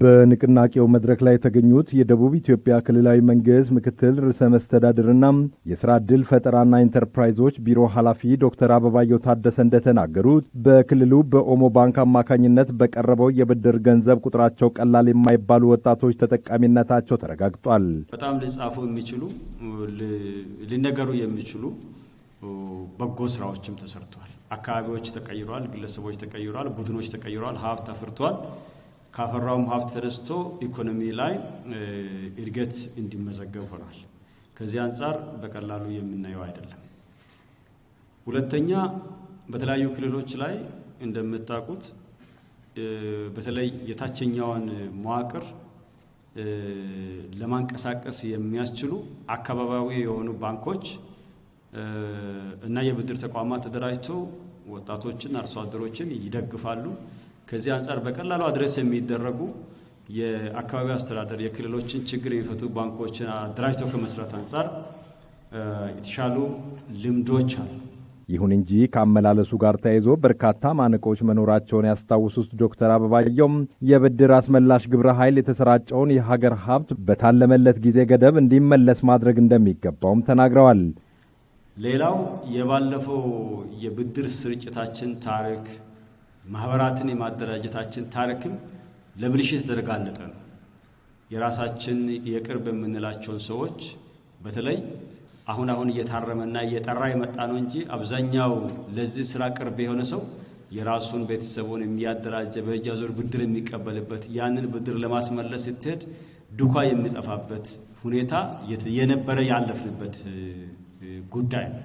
በንቅናቄው መድረክ ላይ የተገኙት የደቡብ ኢትዮጵያ ክልላዊ መንግሥት ምክትል ርዕሰ መስተዳድርና የሥራ ዕድል ፈጠራና ኢንተርፕራይዞች ቢሮ ኃላፊ ዶክተር አበባየው ታደሰ እንደተናገሩት በክልሉ በኦሞ ባንክ አማካኝነት በቀረበው የብድር ገንዘብ ቁጥራቸው ቀላል የማይባሉ ወጣቶች ተጠቃሚነታቸው ተረጋግጧል። በጣም ሊጻፉ የሚችሉ ሊነገሩ የሚችሉ በጎ ስራዎችም ተሰርተዋል። አካባቢዎች ተቀይሯል፣ ግለሰቦች ተቀይሯል ቡድኖች ተቀይረዋል፣ ሀብት አፍርቷል። ካፈራውም ሀብት ተነስቶ ኢኮኖሚ ላይ እድገት እንዲመዘገብ ሆኗል። ከዚህ አንጻር በቀላሉ የምናየው አይደለም። ሁለተኛ በተለያዩ ክልሎች ላይ እንደምታውቁት በተለይ የታችኛውን መዋቅር ለማንቀሳቀስ የሚያስችሉ አካባቢያዊ የሆኑ ባንኮች እና የብድር ተቋማት ተደራጅተው ወጣቶችን፣ አርሶ አደሮችን ይደግፋሉ። ከዚህ አንጻር በቀላሉ አድረስ የሚደረጉ የአካባቢ አስተዳደር የክልሎችን ችግር የሚፈቱ ባንኮችን አደራጅቶ ከመስራት አንጻር የተሻሉ ልምዶች አሉ። ይሁን እንጂ ከአመላለሱ ጋር ተያይዞ በርካታ ማነቆች መኖራቸውን ያስታውሱት ዶክተር አበባየውም የብድር አስመላሽ ግብረ ኃይል የተሰራጨውን የሀገር ሀብት በታለመለት ጊዜ ገደብ እንዲመለስ ማድረግ እንደሚገባውም ተናግረዋል። ሌላው የባለፈው የብድር ስርጭታችን ታሪክ ማህበራትን የማደራጀታችን ታሪክም ለብልሽት የተጋለጠ ነው። የራሳችን የቅርብ የምንላቸውን ሰዎች በተለይ አሁን አሁን እየታረመና እየጠራ የመጣ ነው እንጂ አብዛኛው ለዚህ ስራ ቅርብ የሆነ ሰው የራሱን ቤተሰቡን የሚያደራጀ በእጃ ዞር ብድር የሚቀበልበት ያንን ብድር ለማስመለስ ስትሄድ ዱካ የሚጠፋበት ሁኔታ የነበረ ያለፍንበት ጉዳይ ነው።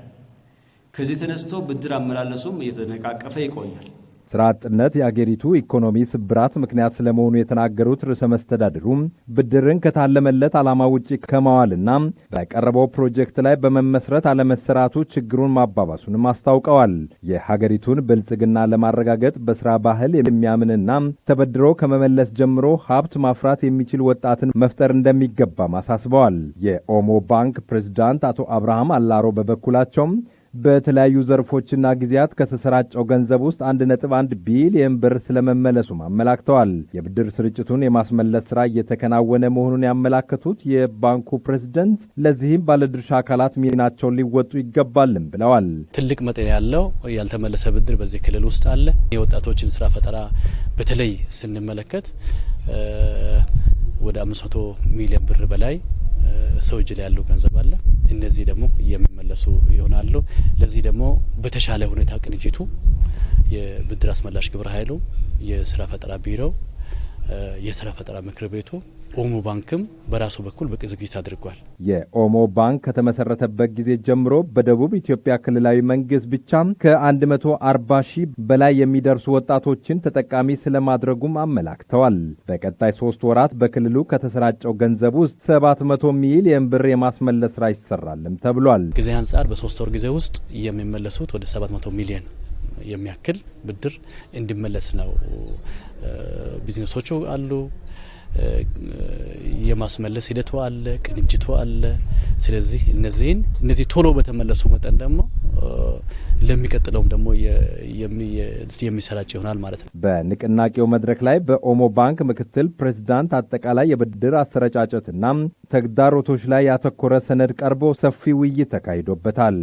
ከዚህ ተነስቶ ብድር አመላለሱም እየተነቃቀፈ ይቆያል። ስራ አጥነት የአገሪቱ ኢኮኖሚ ስብራት ምክንያት ስለመሆኑ የተናገሩት ርዕሰ መስተዳድሩ ብድርን ከታለመለት ዓላማ ውጭ ከማዋልና በቀረበው ፕሮጀክት ላይ በመመስረት አለመሰራቱ ችግሩን ማባባሱንም አስታውቀዋል። የሀገሪቱን ብልጽግና ለማረጋገጥ በስራ ባህል የሚያምንና ተበድሮ ከመመለስ ጀምሮ ሀብት ማፍራት የሚችል ወጣትን መፍጠር እንደሚገባም አሳስበዋል። የኦሞ ባንክ ፕሬዝዳንት አቶ አብርሃም አላሮ በበኩላቸውም በተለያዩ ዘርፎችና ጊዜያት ከተሰራጨው ገንዘብ ውስጥ 1.1 ቢሊየን ብር ስለመመለሱም አመላክተዋል። የብድር ስርጭቱን የማስመለስ ስራ እየተከናወነ መሆኑን ያመላከቱት የባንኩ ፕሬዝደንት ለዚህም ባለድርሻ አካላት ሚናቸውን ሊወጡ ይገባልም ብለዋል። ትልቅ መጠን ያለው ያልተመለሰ ብድር በዚህ ክልል ውስጥ አለ። የወጣቶችን ስራ ፈጠራ በተለይ ስንመለከት ወደ 500 ሚሊዮን ብር በላይ ሰው እጅ ላይ ያለው ገንዘብ አለ። እነዚህ ደግሞ የሚመለሱ ይሆናሉ። ለዚህ ደግሞ በተሻለ ሁኔታ ቅንጅቱ የብድር አስመላሽ ግብረ ኃይሉ፣ የስራ ፈጠራ ቢሮው፣ የስራ ፈጠራ ምክር ቤቱ ኦሞ ባንክም በራሱ በኩል በቅ ዝግጅት አድርጓል። የኦሞ ባንክ ከተመሰረተበት ጊዜ ጀምሮ በደቡብ ኢትዮጵያ ክልላዊ መንግስት ብቻ ከ140 ሺህ በላይ የሚደርሱ ወጣቶችን ተጠቃሚ ስለማድረጉም አመላክተዋል። በቀጣይ ሶስት ወራት በክልሉ ከተሰራጨው ገንዘብ ውስጥ 700 ሚሊየን ብር የማስመለስ ስራ ይሰራልም ተብሏል። ጊዜ አንጻር በሶስት ወር ጊዜ ውስጥ የሚመለሱት ወደ 700 ሚሊየን የሚያክል ብድር እንዲመለስ ነው። ቢዝነሶቹ አሉ የማስመለስ ሂደቱ አለ፣ ቅንጅቱ አለ። ስለዚህ እነዚህን እነዚህ ቶሎ በተመለሱ መጠን ደግሞ ለሚቀጥለውም ደግሞ የሚሰራጭ ይሆናል ማለት ነው። በንቅናቄው መድረክ ላይ በኦሞ ባንክ ምክትል ፕሬዚዳንት አጠቃላይ የብድር አሰረጫጨትና ተግዳሮቶች ላይ ያተኮረ ሰነድ ቀርቦ ሰፊ ውይይት ተካሂዶበታል።